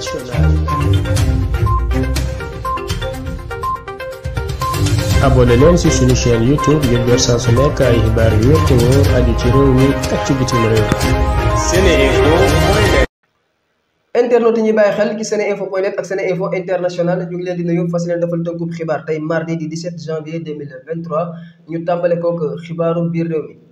internationale. abonné leen ci suñu chaîne youtube ngir jot saa su nekk ay yu wér te wóor ci réew mi ak ci bitim réew. seneinfo.net. internet yi ñuy bàyyi xel ci seneinfo.net ak seneinfo international ñu ngi leen di nuyu fas leen defal tënkub xibaar tey mardi di janvier ñu tàmbale kook xibaaru biir réew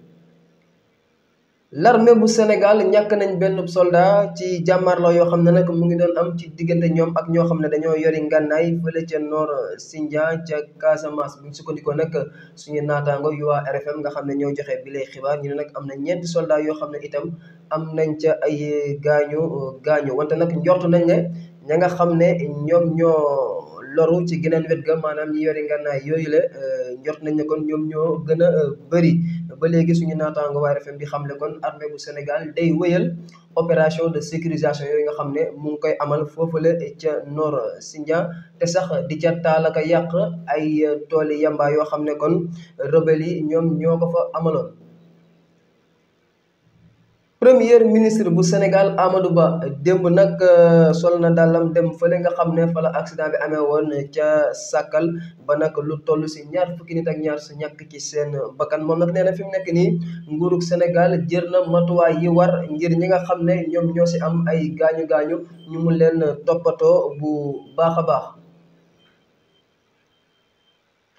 larme bu Sénégal ñàkk nañ benn soldat ci jàmmarloo yoo xam ne nag mu ngi doon am ci diggante ñoom ak ñoo xam ne dañoo yori ngànnaay fële ca Nord Sindian ca Casamance bu ñu sukkandikoo nag suñu naataango yu waa RFM nga xam ne ñoo joxe bi lay xibaar ñu ne nag am na ñeenti soldat xam ne itam am nañ ca ay gaañu gaañu wante nag njort nañ ne ña nga xam ne ñoom ñoo. loru ci geneen wet ga maanaam ñi yori ngànnaay yooyu la euh, njort nañ ne kon ñoom ñoo gën a euh, bëri ba léegi suñu naataango waa RFM bi xam le kon armée bu Sénégal day wëyal opération de sécurisation yooyu xam ne mu ngi koy foofu foofule ca Nord Sindia te sax di ca taalaka yàq ay euh, tooli yamba yoo xam ne kon rebelle yi ñoom ñoo ko fa amaloon premier ministre bu Sénégal Amadou Ba démb nag euh, sol na dàllam dem fa fële nga xam ne fa la accident bi amee woon ca Sakal ba nag lu toll si ñaar fukki nit ak ñaar su ñàkk ci seen bakkan moom nag nee na nekk nii nguurug Sénégal jër na matuwaay yi war ngir ñi nga xam ne ñoom ñoo si am ay gaañu gaañu ñu mu leen toppatoo bu baax a baax.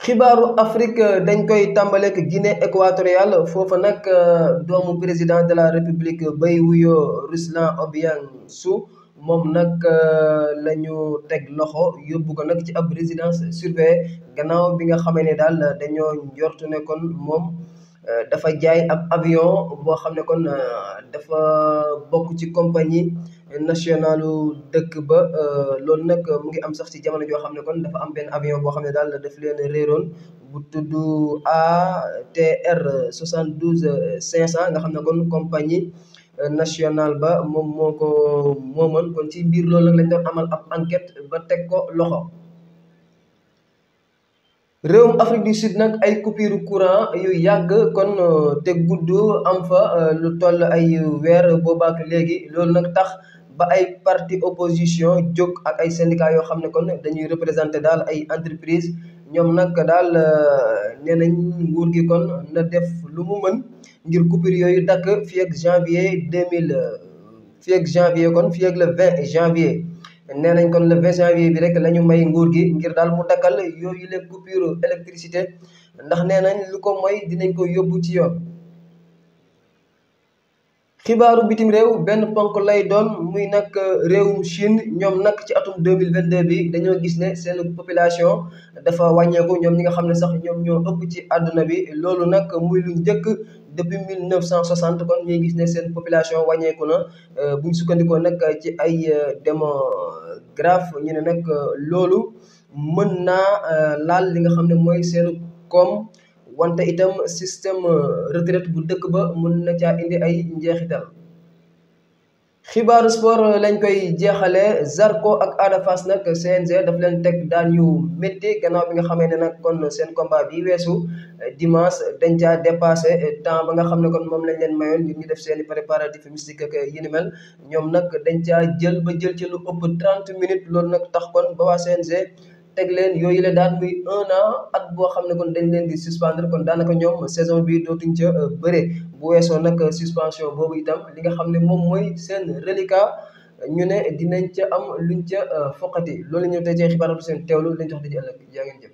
xibaaru Afrique euh, dañ koy tàmbaleek Guinée équatoriale foofa nag euh, doomu président de la république bay wuyoo Ruslan Obiang-Sow moom nag euh, la ñu teg loxo yóbbu ko nag ci ab résidence surveillée gannaaw bi nga xamee ne daal dañoo njortu ne kon moom dafa jaay ab avion boo xam ne kon dafa bokk ci compagnie. nationalu dëkk ba euh, loolu nag mu ngi am sax ci jamono joo xam ne kon dafa am benn avion boo xam ne daal daf leen réeroon bu tudd ATR 72 500 nga xam ne kon compagnie euh, nationale ba moom moo ko moomoon kon ci biir loolu nag lañ doon amal ab enquête ba teg ko loxo. réew réewum Afrique du Sud nag ay coupure courant yu yàgg kon euh, te gudd am fa euh, lu toll ay weer boobaak léegi loolu nag tax ba ay parti opposition jóg ak ay syndicats yoo xam ne kon dañuy représenter daal ay entreprise ñoom nag daal euh, nee nañ nguur gi kon na def lu mu mën ngir coupure yooyu dakk fii ak janvier deux mille fii ak janvier kon fii ak le vingt janvier nee nañ kon le 20 janvier bi rek la may nguur gi ngir daal mu dakkal yooyu les coupures électricité ndax nee nañ lu ko mooy dinañ ko yóbbu ci yoon. xibaaru bitim réew benn ponk lay doon muy nag euh, réewum Chine ñoom nag ci atum deux mille vingt deux bi dañoo gis ne seen population dafa wàññeeku ñoom ñi nga xam ne sax ñoom ñoo ëpp ci àdduna bi loolu nag muy lu njëkk depuis mille neuf cent soixante kon ñuy gis ne seen population wàññeeku na euh, bu sukkandikoo nag ci ay euh, demo grave ñu ne nag euh, loolu mën naa euh, laal li nga xam ne mooy seenu koom wante itam système euh, retraite bu dëkk ba mën na caa indi ay njeexital. xibaaru sport lañ koy jeexale Zarko ak Ada Fass nag CNG daf leen teg daan yu métti gannaaw bi nga xamee ne nag kon seen combat bi weesu dimanche dañ caa dépassé temps ba nga xam ne kon moom lañ leen mayoon ngir ñu def seen i préparatif mystique ak yi ni mel ñoom nag dañ caa jël ba jël ci lu ëpp trente minutes loolu nag tax kon ba waa CNG. teg yooyu le daan muy un an at boo xam ne kon dañ leen di suspendre kon daanaka ñoom saison bi dootuñ ca euh, bëre bu weesoo nag suspension boobu itam li nga xam ne moom mooy seen reliquat ñu ne dinañ ca am luñ ca euh, foqati loolu ñëw tey ci xibaaru seen teewlu lañ jox di ci ëllëg yaa ngeen